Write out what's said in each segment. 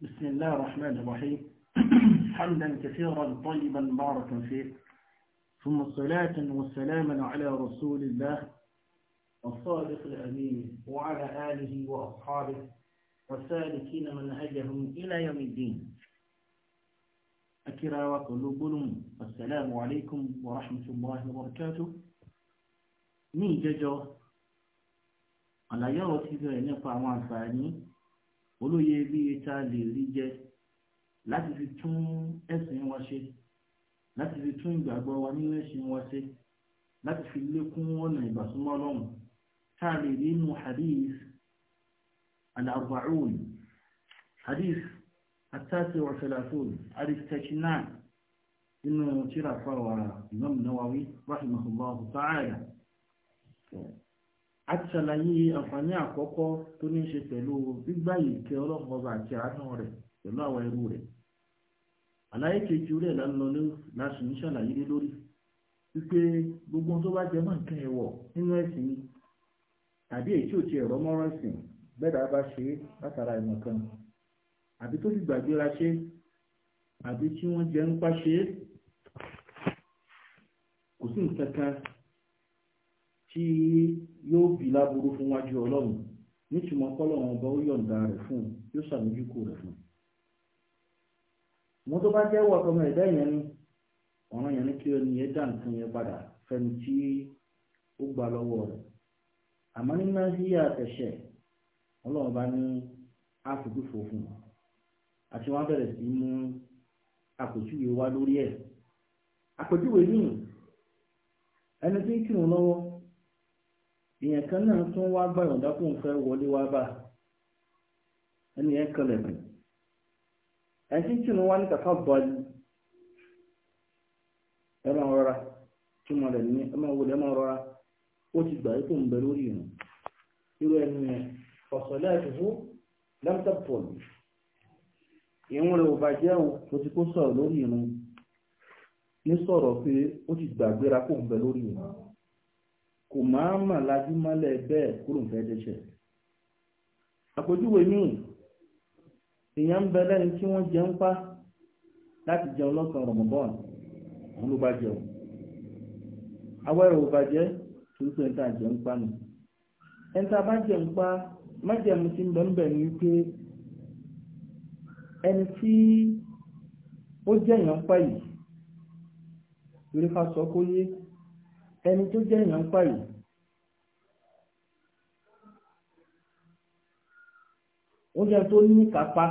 بسم الله الرحمن الرحيم حمدا كثيرا طيبا مباركا فيه ثم الصلاة والسلام على رسول الله الصادق الأمين وعلى آله وأصحابه وسالكين منهجهم إلى يوم الدين أكرا وقلوبهم السلام عليكم ورحمة الله وبركاته من ججو على يوم تبعي نقع وعنفاني olóye bí ta lè rí jẹ láti fi tún ẹ̀sìn wa ṣe láti fi tún ìgbàgbọ́ wa nínú ẹ̀sìn wa ṣe láti fi lékún ọ̀nà ìbásúmọ́ ọlọ́run tá lè rí inú hadith al-arba'un hadith التاسع والثلاثون الاستشناء إنه ترى فوى الإمام النووي رحمه الله تعالى a ti ṣàlàyé àǹfààní àkọ́kọ́ tó ní í ṣe pẹ̀lú gbígbà ìkẹ́ ọlọ́run ọba àti àánú rẹ̀ pẹ̀lú àwọn ẹrú rẹ̀ àlàyé kejì rẹ̀ lálọ́lé láti ń ṣàlàyé lé lórí wípé gbogbo tó bá jẹ mọ́ nǹkan ẹ̀wọ̀ nínú ẹ̀sìn ni tàbí èyí tí ò ti ẹ̀rọ mọ́rọ́ ẹ̀sìn bẹ́ẹ̀dá bá ṣe látara ìmọ̀ kan àbí tó fi gbàgbéra ṣe àbí tí wọ́n jẹ ń pa ṣe é kò sí nǹkan kan tí yóò bì láburú fún wájú ọlọ́run nítumọ̀ kọ́lọ́run ọba ó yọ̀ǹda rẹ̀ fún un yóò ṣàmójúkò rẹ̀ fún un. tó bá jẹ́wọ́ ọmọ ẹ̀dá yẹn ni ọ̀ràn yẹn ni kí ẹni yẹn dá nǹkan yẹn padà fẹ́ni tí ó lọ́wọ́ rẹ̀ àmọ́ ní nàìjíríà ọlọ́run ní àfojúfò fún un àti bẹ̀rẹ̀ sí mú àpèjúwe wá lórí èèyàn kan náà tún wá gbà yọ̀ǹda kó n fẹ́ wọlé wá bá ẹni yẹn kan lẹ̀kùn ẹni tí tí wọ́n wá ní kàkà bọ́ọ̀lù ẹ máa rọra tí mo rẹ̀ ní ẹ máa wọlé ẹ máa rọra ó ti gbà tó ń lórí ìrìn irú ẹni yẹn ọ̀sọ̀lẹ́ àtúntò lẹ́mtọ́pọ̀lù ìrún rẹ̀ ò bàjẹ́ o tó ti kó sọ̀rọ̀ lórí ìrìn ní sọ̀rọ̀ pé ó ti gbàgbéra kó ń lórí ìrìn kò máa mà lajú mọ́lẹ̀ bẹ́ẹ̀ kúrò fẹ́ dẹ́ṣẹ̀ àpèjúwe míì èèyàn ń bẹ lẹ́ni tí wọ́n jẹun pa láti jẹun lọ́sàn-án rọ̀mọ̀bọ́n òun ló bá jẹun awẹ́rẹ̀ ò bàjẹ́ torí pé níta jẹun pa nù níta bá jẹun pa májẹ̀mú ti ń bẹ ń wípé ẹni tí ó jẹ̀yàn pa yìí torí sọ kó yé ẹni tó jẹ́ èèyàn ń pààyè ó jẹ́ tó ní kápá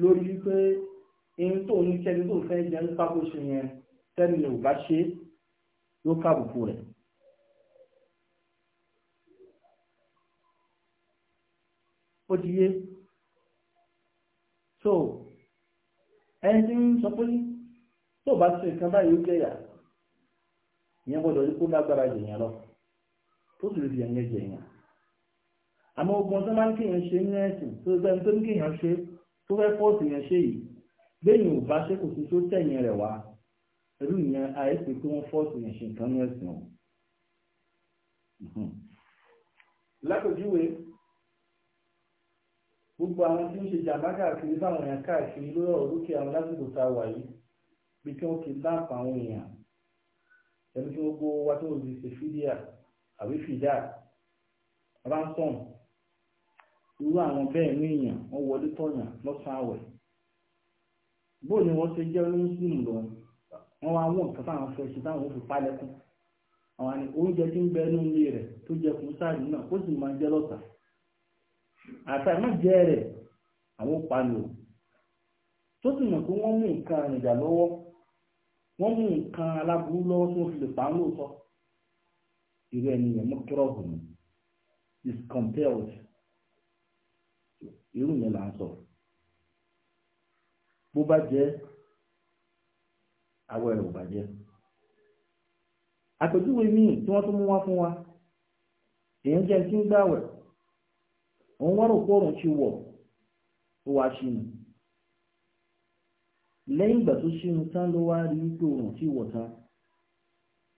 lórí wípé ẹni tó ní tẹ́ni tó fẹ́ jẹ́ nípa bó yẹn tẹ́ni ò bá ṣe ló kàbùkù rẹ̀ ó ti yé so ẹni tí ń sọ pé tó bá ṣe nǹkan báyìí ó jẹ́ yàrá ìyẹn gbọ́dọ̀ rí kó lágbára jèèyàn lọ tó sì lè fi ẹ̀yẹ jèèyàn àmọ́ ogun tó máa ń kéèyàn ṣe ní ẹ̀sìn tó fẹ́ tó ń kéèyàn ṣe tó fẹ́ fọ́ọ̀sì yẹn ṣe yìí béèyàn ò ṣe kò sí tó tẹ̀yìn rẹ̀ wá pẹ̀lú ìyẹn àìsí pé wọ́n fọ́ọ̀sì yẹn ṣe nǹkan ní o. lápèjúwe gbogbo àwọn tí ń ṣe jàmbá káàkiri fáwọn èèyàn káàkiri lórí ọ̀rọ̀ dúkìá wọn lásìkò tá a wà yìí bí kí wọ́n kì í dáàpọ̀ àwọn èèyàn ẹni tí gbogbo wa tó di ṣe fídíà àbí fìdá ransom irú àwọn bẹ́ẹ̀ ní èèyàn wọ́n wọlé ni wọ́n ṣe jẹ́ oníṣìmù lọ́wọ́ wọ́n wá wọ́n nǹkan táwọn fẹ́ ṣe táwọn fi pálẹ́kùn àwọn àni oúnjẹ tí ń bẹ tó jẹ jẹ wọ́n mú nǹkan aláburú lọ́wọ́ tó fi lè bá ń lóòótọ́ irú ẹni yẹn mú tọ́rọ̀gùn ní is compelled irú yẹn là ń sọ bó bá jẹ́ àwọ̀ ẹ̀rọ bá jẹ́ àpèjúwe míì tí wọ́n tún mú wá fún wa èèyàn jẹ́ tí ń gbàwẹ̀ òun wá rò pé òun ti wọ̀ ó wá ṣì nù lẹ́yìn ìgbà tó ṣírun tán ló wá rí wípé òun ti wọ̀ tán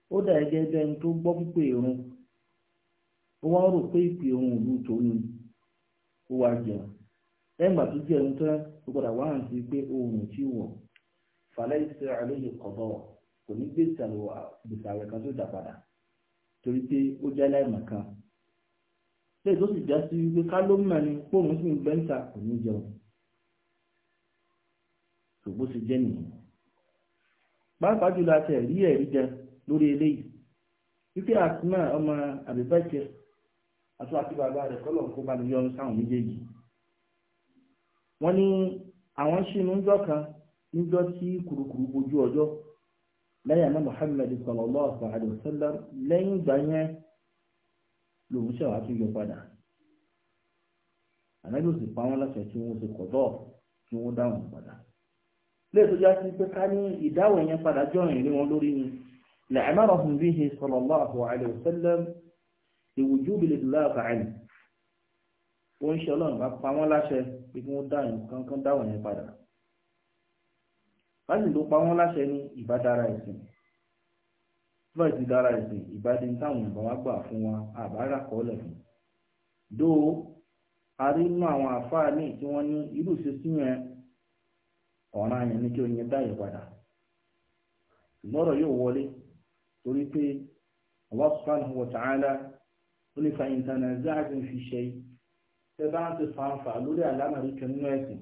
ó dà gẹ́gẹ́ bí ẹni tó gbọ́ pípé irun ó wá rò pé ìpè òun ìlú tòun ni ó wá jẹun lẹ́yìn ìgbà tó jẹun tán ó gbọ́dọ̀ wá hàn sí pé òun ti wọ̀ fàlẹ́ ìṣe àlóye kọ̀bọ̀ kò ní gbèsè àwẹ̀ kan tó dà padà torí pé ó jẹ́ láìmọ̀ kan lẹ́yìn tó sì já sí wípé ká ló mọ̀ ni póun sì ń gbẹ́ńta kò ní jẹun. ṣògbó ṣe jẹ́ nìyẹn pàápàá jùlọ àti ẹ̀rí ẹ̀rí jẹ lórí eléyìí wípé na ọmọ àbíbẹ́kẹ àti àti bàbá rẹ̀ kọ́lọ̀ kó bá mi yọrù sáwọn méjèèjì wọ́n ní àwọn ṣìnú ńjọ́ kan níjọ́ tí kùrùkùrù bojú ọjọ́ lẹ́yìn àná muhammed sallallahu alaihi wasallam lẹ́yìn ìgbà yẹn lòun ṣẹ̀wá tún yọ padà àná yóò sì pa láṣẹ tí kọ̀ lẹ́ẹ̀tọ́ já sí pé ká ní ìdáwọ̀ yẹn padà jọrìn rí wọn lórí ni la'amarahum bihi sallallahu alayhi wa sallam ìwùjúbi lè dùlá àfààní ó ń ṣe ọlọ́run bá pa wọ́n láṣẹ pé kí wọ́n dá nǹkan kan dáwọ̀ yẹn padà láti ló pa wọ́n láṣẹ ní ìbádára ẹ̀sìn tí wọ́n dára ẹ̀sìn ìbádí táwọn ìbọn wá gbà fún wa àbára kọ́lẹ̀ fún dó a àwọn àfáà ní irú ọ̀ràn àyàn ni kí o yẹn dá yẹn padà lọ́rọ̀ yóò wọlé torí pé Allah subhanahu wa ta'ala ó ní fa in tanaza'tum fi shay tẹ́ bá ń ti fanfà lórí àlámàrí kan nínú ẹ̀sìn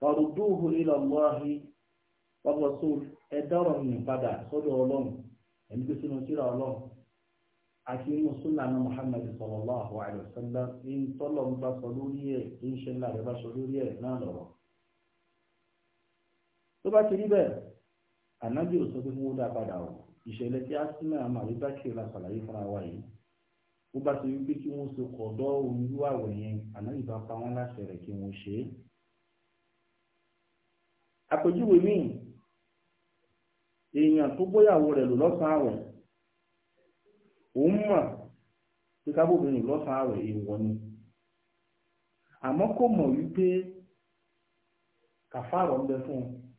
farudduhu ila Allahi wa rasul ẹ̀dá ọ̀rọ̀ mi padà sọ́dọ̀ ọlọ́run ẹ̀mí tó sínú síra ọlọ́run àti inú súnà ní Muhammad sallallahu alaihi wasallam tọ́lọ̀ ń bá sọ lórí ẹ̀ ní ṣẹlẹ̀ rẹ̀ bá sọ lórí ẹ̀ náà lọ́rọ̀ tó bá ti rí bẹ́ẹ̀ ànábì ò sọ pé kí wọ́n dá padà o ìṣẹ̀lẹ̀ tí asina amari bákìrì la ṣàlàyé fúnra wa yìí bó bá ti rí pé kí wọ́n so kọ̀dọ̀ onírú àwẹ̀ yẹn ànábì bá pa wọ́n láṣẹ rẹ̀ kí wọ́n ṣe é. àpèjúwe míì èèyàn tó gbóyàwó rẹ̀ lò lọ́sàn-án àwẹ̀ òun mọ̀ pé kábòbìnrin lọ́sàn-án àwẹ̀ èèwọ̀ ni àmọ́ kò mọ̀ wípé kàfàrọ̀ ń bẹ fún un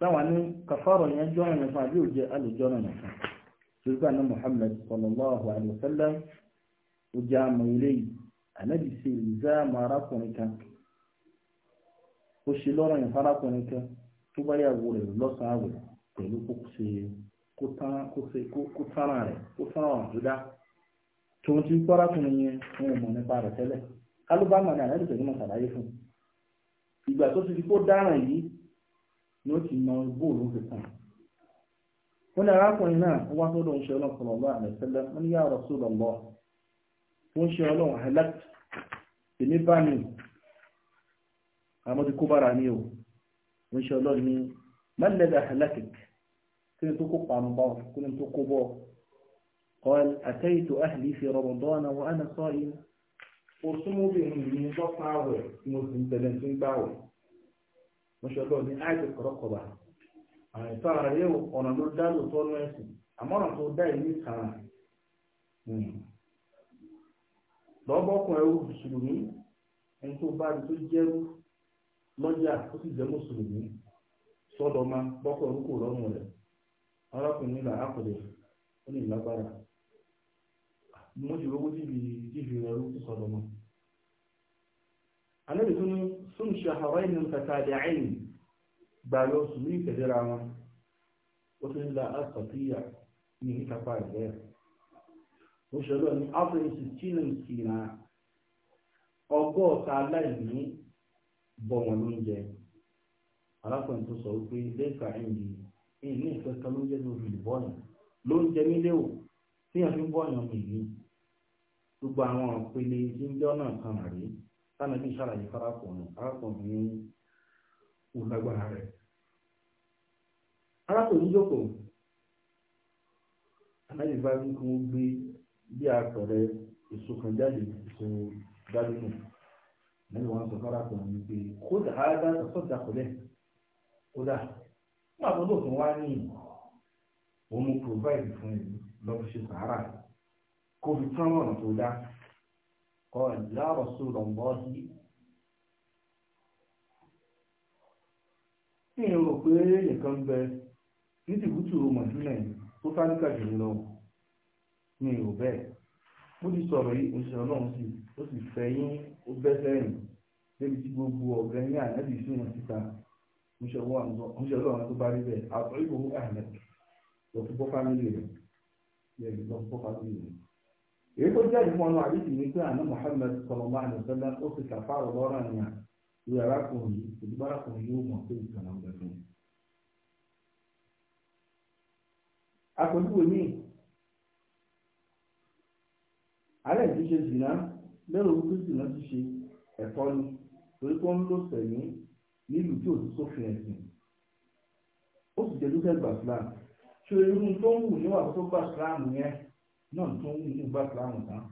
táwọn ní kàfàrọ̀ yẹn jọ́nà yẹn fún àbí òjẹ́ alùjọ́nà yẹn fún ṣùgbọ́n ní Muhammad sallallahu alayhi wa sallam ó jẹ́ àmọ́ ilé yìí ànábì ṣe ìlzáàmù arákùnrin kan ó ṣe lọ́rọ̀ yẹn fún arákùnrin kan tó bá yàwó rẹ̀ lọ́sàn-án àwẹ̀ pẹ̀lú kó ṣe kó tán rẹ̀ kó tán ọ̀ràn tó dá tòun ti kọ́ yẹn wọn ò nípa rẹ̀ tẹ́lẹ̀ kálúbámọ̀ ni ànábì tẹ̀lé mọ̀ ni ó ti mọ bóòlù fi kàn wọ́n ní arákùnrin náà ó wá sọ́dọ̀ ń ṣe ọlọ́run sọ̀rọ̀ lọ́wọ́ àmẹ́sẹ́lẹ́ wọ́n ní yàrá sọ́dọ̀ lọ́ tó ń ṣe ọlọ́run helect èmi bá mi àmọ́ ti kó bára mi o ń ṣe ọlọ́run ní mẹ́lẹ́dà helect kí ni tó kó pàmò bá kí ni tó kó bọ́ قال أتيت أهلي في رمضان وأنا صائم قرصموا بهم من ضفعه مسلم تلنسون بعوه mọ́ṣọ́lọ́ ní àìsí kọ̀rọ̀kọ̀bà àìsọ́ ara yẹ́ ọ̀nà ló dá lóòótọ́ ní ẹ̀sìn àmọ́ràn tó dá ìní kàrà hmm. lọ́bọ̀kùn ẹrú mùsùlùmí ẹni tó bá rí tó jẹ́rú lọ́jà tó sì jẹ́ mùsùlùmí sọ́dọ̀ ma bọ́kùn ẹrú kò rọrùn rẹ̀ arákùnrin là ákùnrin ó ní ìlágbára mo ti rọ́gbó tíbi tíbi ẹrú sọ́dọ̀ ma. alẹ́ mi tún ní sum shahrayn mutatabi'ain gbàlọ oṣù ní ìtẹ̀léra wọn ó tún la asọ̀tíyà ní ìkápá ìgbẹ́ ó ṣẹlẹ̀ ní áfíríkì sixteen sixteen ọgọ́ta aláìní bọ̀ wọn lóúnjẹ arákùnrin tó sọ wípé lẹ́ka ẹ̀yìn ẹ̀yìn ní ìfẹ́ kan lóúnjẹ ní ojú ìbọ̀yìn o tí fi ń bọ̀yàn mi ní gbogbo àwọn òpele kan rèé tánàbí ṣàlàyé farakùnrin arákùnrin ní rẹ̀ arákùnrin jókòó anáyè bá ní kí gbé bí àpẹẹrẹ èso kan jáde èso dálónù lẹ́yìn wọn sọ farakùnrin ní kódà áádá sọ́dà kọ́lẹ̀ kódà wọn àtọ́dọ̀ tó wá ní òun provide fún ẹ lọ́ọ́ ṣe sàárà kó fi tán ọ̀nà tó dáa. قال يا رسول الله ní ìrò pé nìkan ń bẹ ní tó sáníkà jù lọ ní ìrò bẹ́ẹ̀ bó ti sọ̀rọ̀ yìí òṣìṣẹ́ ọlọ́run sì fe sì fẹ́ yín ó bẹ́ sẹ́yìn débi tí gbogbo ọ̀gá yín ànábì sí wọn èyí tó jẹ́ ìfún ọ̀nà àdìsí ní pé àná Muhammad sallallahu alaihi wasallam ó ti kàfàrọ̀ lọ́rọ̀ àyàn ìwé arákùnrin yìí ìdúgbò arákùnrin yóò mọ̀ pé ìtàn àwọn ẹ̀fọn. àpèjúwe míì alẹ́ ìdí ṣe jìnnà lẹ́rọ wípé jìnnà ti ṣe ẹ̀tọ́ ni torí pé ó ń lò sẹ̀yìn nílùú tí ò ti sófin ẹ̀sìn ó sì jẹ́ dúkẹ́ gbàsílámù ṣe irú tó ń wù níwà tó gbàsílámù yẹn náà tún ń gba ìsìláàmù tán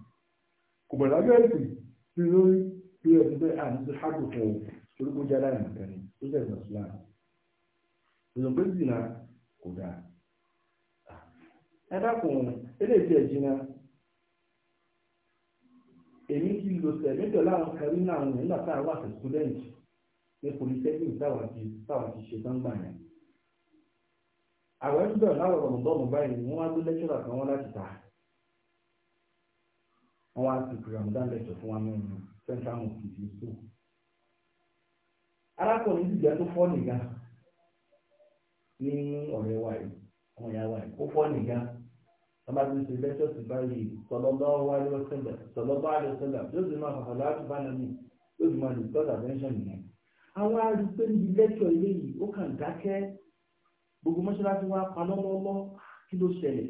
kò bẹ̀rẹ̀ lábẹ́ ẹ̀sìn tí lórí bí ẹ̀sìn pé ti fún jẹ́ aláìní jẹ́ ìgbà kò ẹ dákun eléyìí tí ẹ jìnnà èmi àwọn kẹrin náà tá a wà sí ní táwọn ti táwọn ti ṣe tán gbà yẹn àwọn ẹgbẹ́ náà bọ́ọ̀mù báyìí wọ́n gbé kan wọ́n láti wọ́n wá sí ramadan lẹ́tọ̀ fún wa nínú central mosque ti so. arákùnrin ti jẹ́ tó fọ́ nìga ní ọ̀rẹ́ wa yìí ọmọ ìyá wa yìí ó fọ́ nìga tọ́ba ti ṣe lẹ́tọ̀ sí báyìí sallallahu alaihi wasallam sallallahu alaihi wasallam yóò sì máa fàfà láti bá nàní yóò sì máa lè tọ́ tàbẹ́ńṣọ̀n nìyẹn. àwọn arúgbó níbi lẹ́tọ̀ ilé yìí ó kàn dákẹ́ gbogbo mọ́ṣáláṣí wa paná lọ́lọ́ kí ló ṣẹlẹ̀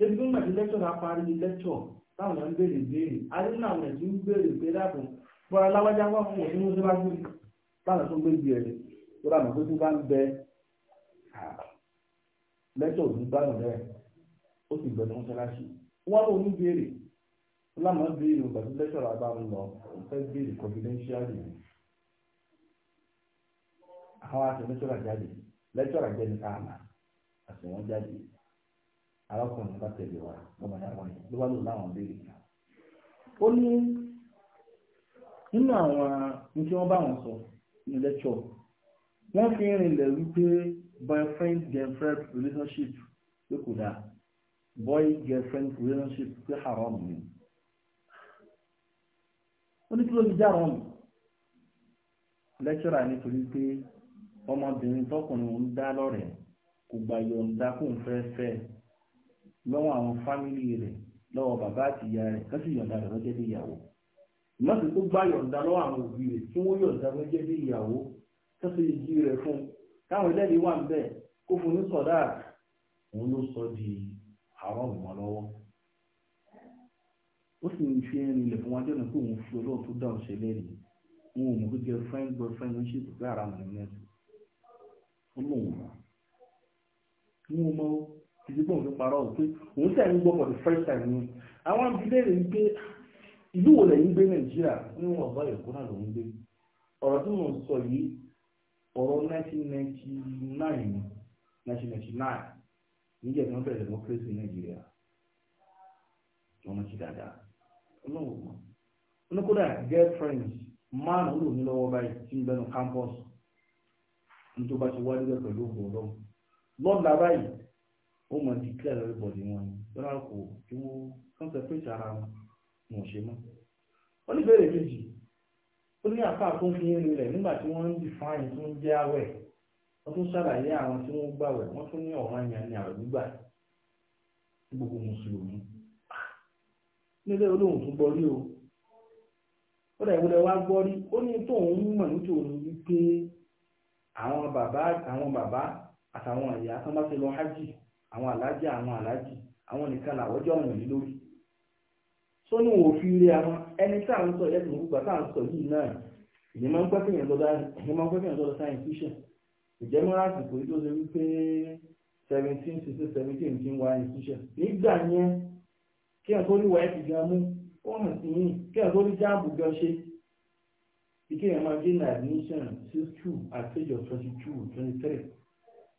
débi tó ń gbàdé lẹ́tọ̀ náà parí ní lẹ́tọ̀ táwọn náà ń béèrè béèrè ayé náà wọ̀nyẹ̀ tí ń béèrè pé dáàbò bọ́ra láwájá wà fún òun ní oṣù bá fún táwọn tó ń gbé gbé rẹ̀ tó rà mọ̀ pé tí bá ń bẹ lẹ́tọ̀ òní gbàdùn rẹ̀ ó sì gbẹ̀dọ̀ ń sẹ́láṣì wọ́n ló ní béèrè lámà ń béèrè gbàdé lẹ́tọ̀ rà bá ń lọ òun fẹ́ béèrè confidentially àwọn àti lẹ́tọ̀ rà jáde lẹ́tọ̀ rà jẹ́ ní káàmà àti wọ́n jáde arákùnrin bá tẹ̀lé wa ọmọ ìyá wọn yìí ló wá lò láwọn béèrè kan. ó ní nínú àwọn ní tí wọ́n bá wọn sọ ní lẹ́kṣọ̀ wọ́n fi ń rinlẹ̀ wípé boyfriend girlfriend relationship ló kò dáa boy girlfriend relationship pé haram ni. ó ní kí ló fi já rọrùn lẹ́kṣọ̀rà nítorí pé ọmọbìnrin tọkùnrin ń dá lọ́rẹ̀ẹ́ kò gbà yọ̀ǹda kó ń fẹ́ fẹ́ ẹ̀ lọ́wọ́ àwọn fámìlì rẹ̀ lọ́wọ́ bàbá àti ìyá rẹ̀ kán sì yọ̀ǹda rẹ̀ lọ́jẹ́ bí ìyàwó ìmọ̀sí tó gbá yọ̀ǹda lọ́wọ́ àwọn òbí rẹ̀ tí wọ́n yọ̀ǹda lọ́jẹ́ bí ìyàwó kán sì yí rẹ̀ fún káwọn ẹlẹ́rìí wà ń bẹ̀ kó fún ní sọ̀dá òun ló sọ di àwọn ọ̀gbọ̀n lọ́wọ́ ó sì ń fi ẹni ilẹ̀ fún wa jẹ́ pé òun fi ọlọ́run tó dá ọ̀ṣẹ́ lẹ́rìí wọn ò ìdígbò òun parọ́ pé òun tẹ̀ ń gbọ́ for the first time ni àwọn abilérè ń gbé ìlú wo lẹ́yìn gbé nàìjíríà níwọ̀n ọ̀gá èkó náà lòún gbé ọ̀rọ̀ tí mò sọ 1999 1999 níjẹ́ tí wọ́n bẹ̀rẹ̀ democracy ní nàìjíríà wọ́n mọ̀ dáadáa ọlọ́run mọ̀ oníkódà girlfriend máa ló ní lọ́wọ́ báyìí tí ń bẹnu campus ní ti wá pẹ̀lú ọlọ́run lọ́ọ̀dà ó mọ̀ declare everybody wọn ni lọ́nà kò kí wọ́n concentrate ara wọn ni wọ́n ṣe mọ́. ó ní ìbéèrè kejì ó ní àpá tó ń fi ń rinlẹ̀ nígbà tí wọ́n ń define tó ń jẹ́ àwẹ̀ wọ́n tún ṣàlàyé àwọn tí wọ́n gbàwẹ̀ wọ́n tún ní ọ̀ràn yẹn ní àwẹ̀ gbígbà gbogbo mùsùlùmí nílé olóhùn tún gbọ́ rí o ó dà ìwúlẹ̀ wá gbọ́ rí ó ní tóun mọ̀ nítorí wípé àwọn bàbá àtàwọn bàbá àtàwọn ìyá tán bá ti lọ hajj àwọn alájà àwọn alájì àwọn nìkan làwọ́jọ́ ọ̀ràn yìí lórí sónú òfin ilé àwọn ẹni tá à ń sọ ẹ̀sùn gbogbo tá à ń sọ yìí náà ìyẹn máa ń pẹ́ kéèyàn lọ́dọ̀ science fiction ìjẹ́mọ́ra àsìkò yìí tó ṣe wípé seventeen sixteen seventeen ti ń wá institution nígbà yẹn kéèyàn tó níwọ̀ ẹ́ ti gan mú ó hàn sí yìí kéèyàn tó ní jáàbù gan ṣe kí kéèyàn máa gain admission sí school at age of twenty two twenty three.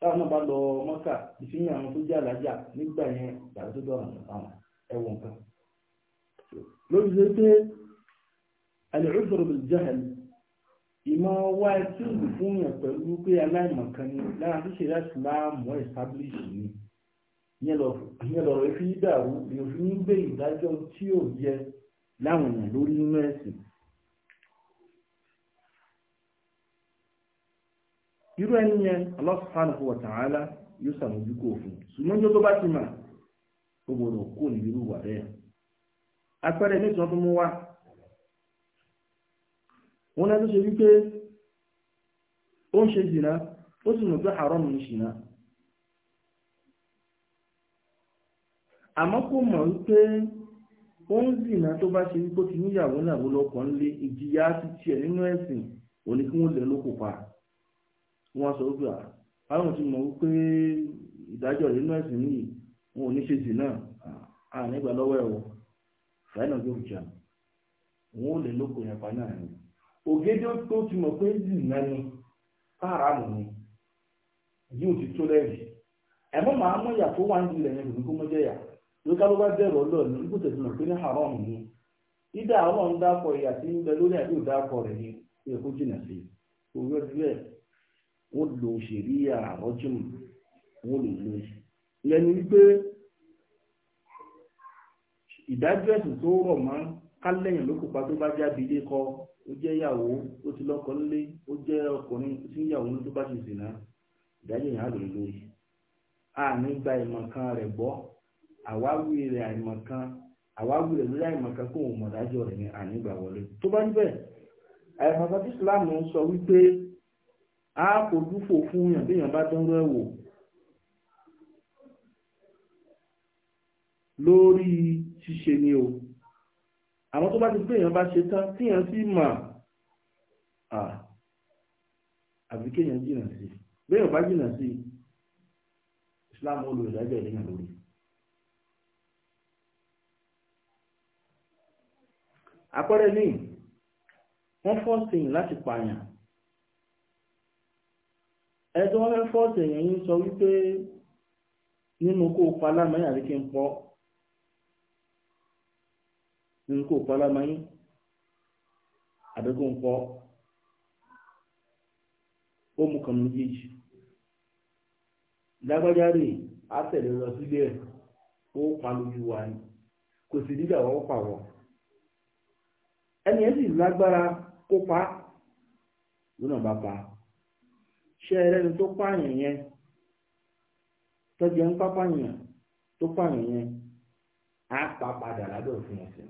táwọn náà bá lọ mọ́kà ìfihàn àwọn tó jẹ́ àlájà nígbà yẹn ìyàwó tó dọ̀rọ̀ àwọn ẹ̀wọ̀n nǹkan. lórí ṣe pé al-udhr bil-jahl ìmọ̀ wá ẹtúùbù fún yàn pẹ̀lú pé aláìmọ̀kan ni lára ṣíṣe láti láàmú establish ni ìyẹn lọ̀rọ̀ fi dàrú èèyàn fi ń gbé ìdájọ́ tí ò yẹ láwọn èèyàn lórí nínú ẹ̀sìn irú ẹni yẹn Allah subhanahu wa ta'ala yóò sàmójúkò òfin ṣùgbọ́n jọ́ tó bá ti mà ó gbọ́dọ̀ kó ní irú wà bẹ́ẹ̀ apẹ́rẹ́ ní ìtàn tó mú wá wọn náà tó ṣe wípé ó ń ṣe zina ó sì mọ̀ pé haram ní ṣìnà àmọ́ kò mọ̀ wípé ó ń zìnà tó bá ṣe wípé ó ti níyàwó náà lọ́kọ̀ọ́ nílé ìjìyà ti tiẹ̀ nínú ẹ̀sìn òní kí wọ́n lè lókò pa wọn sọ pé àwọn ah, ti mọ̀ wípé ìdájọ́ rẹ̀ nínú ẹ̀sìn yìí wọn ò ní ṣe zina ah, à nígbà lọ́wọ́ ṣáínà yóò jà wọn ò lè lóko yẹn pa náà ni ògédé tó ti mọ̀ pé zina ni haramu ni yóò ti tó lẹ́rìí ẹ̀mọ́ màá mọ̀ wà yẹn jẹ́yà ló ká ló bá ní mọ̀ pé ní ni ìdá ọlọ́run dákọ̀ ń bẹ lórí wọ́n lo ṣẹ̀ríà rọ́jùm wọ́n lè lo ìyẹn ni wípé ìdájọ́ ẹ̀sùn tó rọ̀ mọ́ kálẹ̀yìn ló kópa tó bá jáde ilé kọ ó jẹ́ ìyàwó ó ti lọ́kọ nílé ó jẹ́ ọkùnrin tí ìyàwó ló tó bá ti sìnà ìdájọ́ yẹn á lè lórí àní gba ìmọ̀kan rẹ̀ gbọ́ àwáwí rẹ̀ àìmọ̀kan àwáwí rẹ̀ lórí àìmọ̀kan kó òun mọ̀dájọ́ rẹ̀ ní ànígbà wọlé tó bá níbẹ̀ àìmọ̀kan tí Islam sọ wípé A fojú fò fún yàn bí yàn bá dánrọ ẹ̀wò lórí ṣíṣe ni o àwọn tó bá ti pé yàn bá ṣe tán tí yàn sì mà á àbí kéèyàn jìnà sí bí yàn bá jìnà sí Islam olùdájọ́ ìdíyàn lórí. àpẹẹrẹ ní wọ́n fọ́sìn láti pààyàn ẹjọ́ wọn fẹ́ fọ́ọ̀tì èèyàn yín sọ wípé nínú kó pa lámàyín àti kí n pọ́ nínú kó pa lámàyín àbí kó n pọ́ ó mú kan méjèèjì lágbájá rè á tẹ̀lé lọ sílé ẹ̀ ó pa lójú wa ni kò sì dídà wọ́n pa wọ́n ẹni ẹ sì lágbára kópa lónà bá pa á ṣe ẹrẹ́ni tó pààyàn yẹn tọ́jú ń pápáyàn tó pààyàn yẹn á pa padà lábẹ́ òfin ẹ̀sìn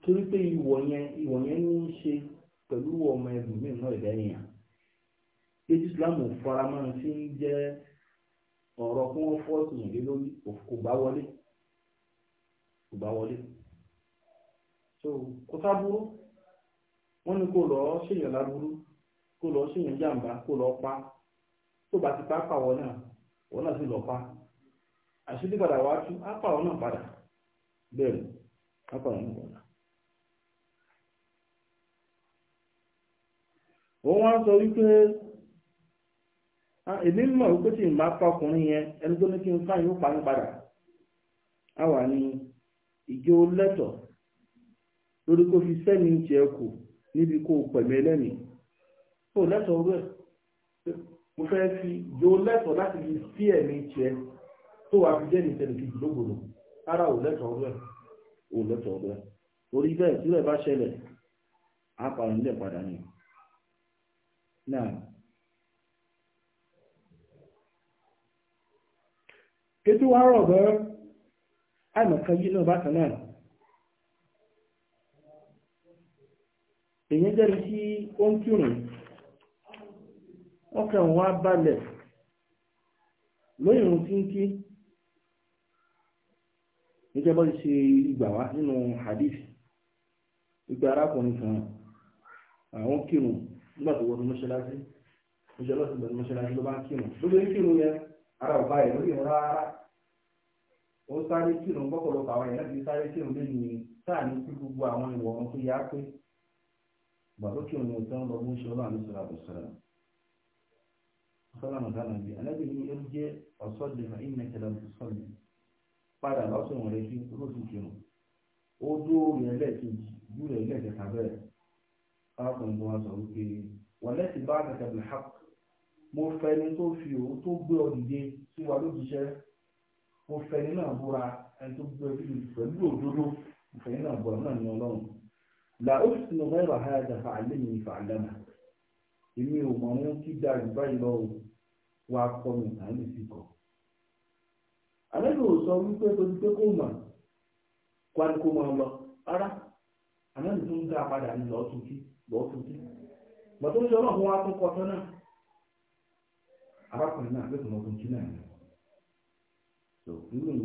torí pé ìwọ yẹn ìwọ yẹn ní í ṣe pẹ̀lú ọmọ ẹlòmíì náà lẹ́yìn à ètò ìsìlámù faramọ́ ti ń jẹ́ ọ̀rọ̀ kí wọ́n fọ́ọ̀sì yàn lé lórí kò bá wọlé kò bá wọlé so kò sábúrú wọ́n ní kò lọ́ọ́ ṣèyàn láburú. kó lọ ṣèyàn jàǹbá kó lọ pa tó bá ti pa pàwọ́ náà wọ́n náà sì lọ pa àṣírí padà wá tú á pàwọ́ náà padà bẹ́ẹ̀ ni á pàwọ́ náà padà. òun wá sọ wípé ah, èmi mọ̀ wípé tí n bá pa kò lẹ́tọ̀ọ́ rẹ̀ mo fẹ́ fi yóò lẹ́tọ̀ọ́ láti fi sí ẹ̀mí tiẹ̀ tó wàá fi jẹ́ ní ìtẹ̀lẹ̀ kejì lógbòdò ara ò rẹ̀ ò rẹ̀ bẹ́ẹ̀ tí rẹ̀ bá ṣẹlẹ̀ á parí nílẹ̀ padà ni. wa rọ̀ bẹ́ẹ̀ náà bákan náà èyí jẹ́rìí sí kírun ọkàn wọn á balẹ̀ lóyìn ohun tí ń kí níjẹ́ bọ́ ṣe ìgbà wá nínú hadith ìgbà arákùnrin kan àwọn kírun nígbà tó wọ́n mọ́ṣáláṣí mọ́ṣáláṣí lọ́sí mọ́ṣáláṣí ló bá ń kírun ló lè kírun yẹn ara ọ̀bá ẹ̀ lórí ìrora rárá ó sáré kírun gbọ́pọ̀lọpọ̀ àwọn èèyàn ti sáré kírun lẹ́yìn táà ní kí gbogbo àwọn ìwọ̀n tó yá pé bàbá kírun ni ó tán lọ ṣe ọlọ́run àlùsọ̀rọ̀ àlùsọ̀rọ̀ sọ́lá mọ̀tánà bí alábìrin yẹn jẹ́ ọ̀sọ́dẹ̀ fà ìmẹ̀kẹ̀lá sọ́lẹ̀ padà lọ́sọ̀rọ̀ rẹ̀ kí olóṣù kìrùn ó dúró rẹ̀ lẹ́ẹ̀kejì ju rẹ̀ lẹ́ẹ̀kẹta bẹ́ẹ̀ arákùnrin tó wá sọ wípé wà lẹ́sìn bá kẹ̀kẹ́ bí hàp mo fẹni tó fi òun tó gbé ọ dìde sí wa lójijẹ́ mo fẹni náà búra ẹni tó gbé ọ pẹ̀lú òdodo mo fẹni náà búra náà ní ọlọ́run là ó sì sinú bẹ́ẹ̀ rà fà á lé mi fà á lẹ́mà èmi ò mọ̀ wọn kí dáa jù báyìí lọ́wọ́ wa kọ́ mi náà lè fi kọ́. àlejò sọ wípé torí pé kò mà ara adé kó máa lọ rárá àlejò tó ń dá padà ní lọ́ọ́ tuntun lọ́ọ́ tuntun bàtọ́ ní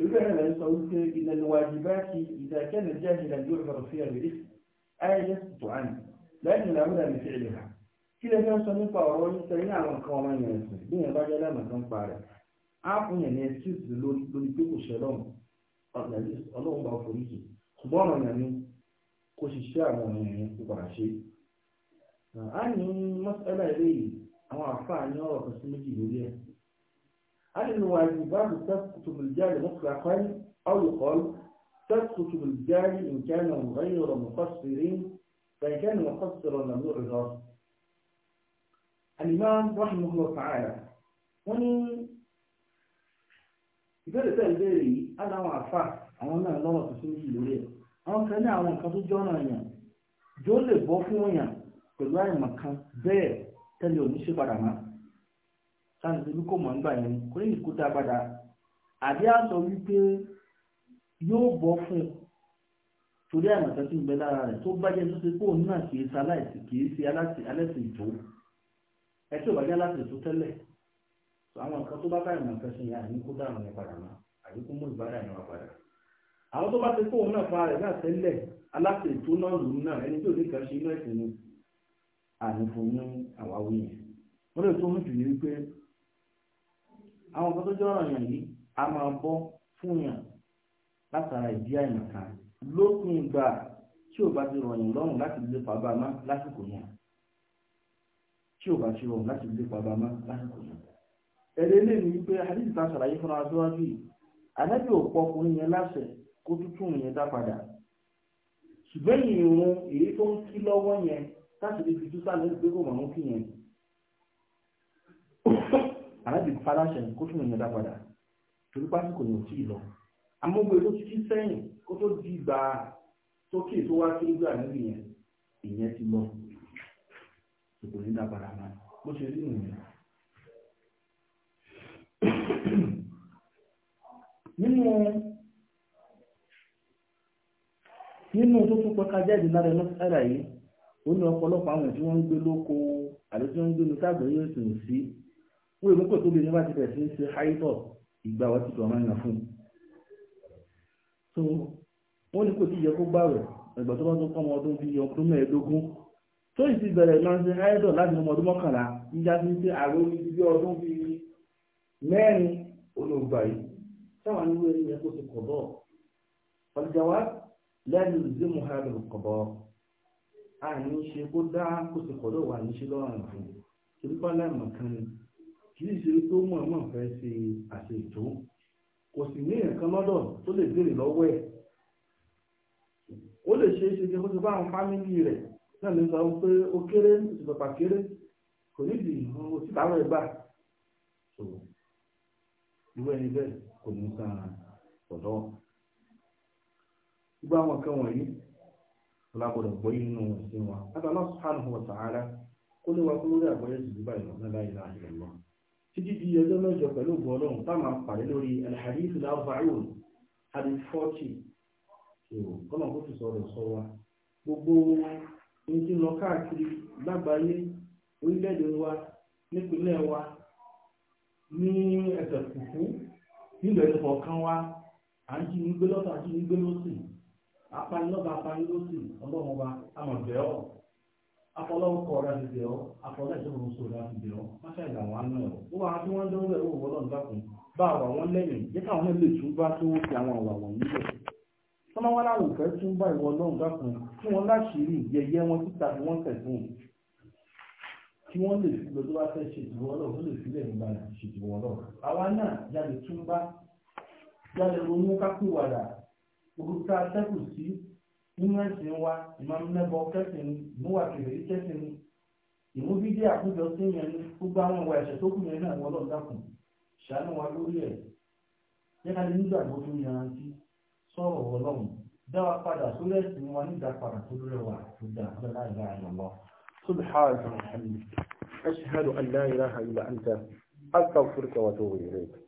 Lóbẹ̀rẹ̀ rẹ̀ sọ wípé ìlànà wàjibá ti ìdákẹ́nà jáhìlá yóò fọ̀rọ̀ sí àgbèrè ayẹyẹ tó àná lẹ́yìn làwúrà ní fi ìlera. Kí lè fẹ́ sọ nípa ọ̀rọ̀ yíṣẹ́ ní àwọn nǹkan ọmọ yẹn ẹ̀sìn bí yẹn bá jẹ́ lẹ́mọ̀ kan pa rẹ̀. Á fún yẹn ní ẹsíìsì lórí lórí pé kò ṣe lọ́mù ọlọ́run bá forí jì. Ṣùgbọ́n ọ̀nà yẹn ni kò sì ṣe àwọn ọmọ yẹn kó padà ṣe. Á ní mọ́sálà ilé yìí àwọn àfáà ní ọ̀rọ̀ kan sí méjì lórí ẹ̀. هل الواجبات تسقط بالجهل مطلقا أو يقال تسقط بالجهل إن كان غير مقصرين فإن كان مقصرا لم يعذر الإمام رحمه الله تعالى وني ìbéèrè tẹ́ ìbéèrè yìí aláwọ̀ àfà àwọn náà lọ́wọ́ tó sínú ìlú rẹ̀ àwọn kan ní àwọn nǹkan tó jọ́nà yàn jó lè bọ́ fún yàn pẹ̀lú àìmọ̀kan bẹ́ẹ̀ tẹ́lẹ̀ oníṣẹ́ padà máa sáà ṣe bí kò mọ̀ nígbà yẹn kò ní kó tá a padà àbí a sọ wípé yóò bọ́ fún un torí àmọ̀tá tí ń bẹ lára rẹ̀ tó bá jẹ́ tó ṣe kóun náà kì í ṣe aláìsí kì í ṣe aláìsí ìjó ẹ tí ò bá jẹ́ aláìsí tó tẹ́lẹ̀ àwọn nǹkan tó bá bá ìmọ̀ nǹkan ṣe yẹn àní kó dáhùn yẹn padà mọ́ àbí kó mú ìbára yẹn wá padà àwọn tó bá ti kóun náà fa rẹ̀ náà tẹ́lẹ̀ aláìsí tó náà lù ú náà ẹni tí ò ní kàn ṣe inú ẹ̀sìn ni àní fún ní àwáwí yẹn wọ́n lè tó hàn jù ní wípé àwọn nǹkan tó jẹ́ ọ̀ràn yàn yìí a máa bọ́ fún yàn látara ìdí àìmọ̀ kan lópin ìgbà tí ò bá ti rọ̀yìn lọ́rùn láti lè pàbá má lásìkò yàn tí ò bá ti rọ̀rùn láti lè pàbá má lásìkò yàn. ẹ̀rẹ́ lè ní wípé àdéhùn ta ṣàlàyé fúnra wa síwájú yìí àdájọ́ òpó ọkùnrin yẹn láṣẹ kó tuntun yẹn dá padà ṣùgbọ́n ìrún èyí tó ń kí lọ́wọ́ yẹn láti lè fi túsà lẹ́nu pé kò mọ̀ ń kí yẹn aláàbí paláṣẹ kó tún ìyẹn dápadà torí pásítọ̀ ní òtí lọ amógbé tó ti sẹ́yìn kó tó di ìgbà sókè tó wá kéré gbà níbi yẹn ìyẹn ti lọ kò ní dápadà náà bó ṣe rí nìyẹn. nínú nínú tó tún pẹ́ka jáde lára ẹlẹ́sẹ̀rẹ̀ yìí ó ní ọ̀pọ̀lọpọ̀ àwọn tí wọ́n ń gbé lóko àti tí wọ́n ń gbé ní sáàgbé yóò sùn sí wọ́n èmú kò tó bí nígbà tí bẹ̀rẹ̀ sí ṣe háìtọ̀ ìgbà wa ti dọ̀mọ́ ìyàn fún so wọ́n ní kò tí yẹ kó gbàwẹ̀ ẹgbẹ̀ tó bá tó kọ́ ọmọ ọdún bíi ọdún mẹ́ẹ̀ẹ́dógún tó ì ti bẹ̀rẹ̀ máa ń ṣe háìtọ̀ láti ọmọ ọdún mọ́kànlá níjà sí ṣe àrò ní bí ọdún bíi mẹ́rin olóògbà yìí sáwọn ní wẹ́rẹ́ yẹ kó ti kọ̀ bọ́ ọ̀dìjàwá lẹ́nu ìdílé muhammed kì í ṣe tó mọ̀ọ́mọ̀ fẹ́ ṣe àṣetò kò sì ní nǹkan lọ́dọ̀ tó lè béèrè lọ́wọ́ ẹ̀ ó lè ṣe é ṣe kí ó ti bá àwọn fámìlì rẹ̀ náà ní sọ pé ó kéré ó ti pàpà kéré kò nídìí ó sì báwọ̀ ẹ̀ gbà irú ẹni bẹ́ẹ̀ kò ní san ọ̀dọ́ gbogbo àwọn kan wọ̀nyí lágbọ́dọ̀ gbọ́ inú ẹ̀sìn wa látàlá subhanahu wa ta'ala kó lè wá kó lórí àgbọ́yé sì bíbá ìlànà láìláà ìlànà títí di ọjọ́ mẹ́jọ pẹ̀lú bọ́ọ̀lọ́hùn tá máa pàdé lórí alhadith al-arba'un hadith kọ́nà kó sọ̀rọ̀ sọ wa gbogbo ohun tí ń lọ káàkiri lágbàáyé orílẹ̀-èdè wa nípínlẹ̀ wa ní ẹ̀sẹ̀ kùkú nílò ẹni kọ̀ọ̀kan wa à ń jí ní gbé ní gbé lọ́sìn apanilọ́ba apanilọ́sìn ọlọ́run wa afọlọ́wọ́ kọ̀ ọ̀rẹ́ ọ́ afọlọ́ ìṣòro oṣù ọ́ máṣá ìlà wọn àánú ẹ̀ ó wà tí wọ́n dánwó ẹ̀ ó wọ́n bá àwà wọn lẹ́yìn jẹ́ káwọn náà lè tún bá tó fi àwọn àwà wọ̀nyí lẹ̀ sọ́mọ́ láwùn fẹ́ tún bá ìwọ lọ́nà kí wọ́n láṣìírí yẹyẹ wọn títa fi wọ́n tẹ̀sùn kí wọ́n lè fi lọ́dọ́ bá fẹ́ ṣe ìdìbò nínú ẹ̀sìn wa ìmọ̀mẹ́bọ kẹ́sìn ni ìmúwà kẹfẹ́rí kẹ́sìn ni ìmú bídí àkójọ sí yẹn ní gbogbo àwọn ìwà ẹ̀ṣẹ̀ tó kù yẹn náà wọ́n lọ́ọ́ dákun ṣàánú wa lórí ẹ̀ yẹ́ka lè nígbàgbọ́ tó yanrantí sọ̀rọ̀ ọlọ́run dá wa padà sórí ẹ̀sìn wa nígbà padà tó rẹwà tó dá lọ́la ìlà ìrànlọ́. subhanahu wa ta'ala ashhadu an ilaha illa anta astaghfiruka wa atubu ilayk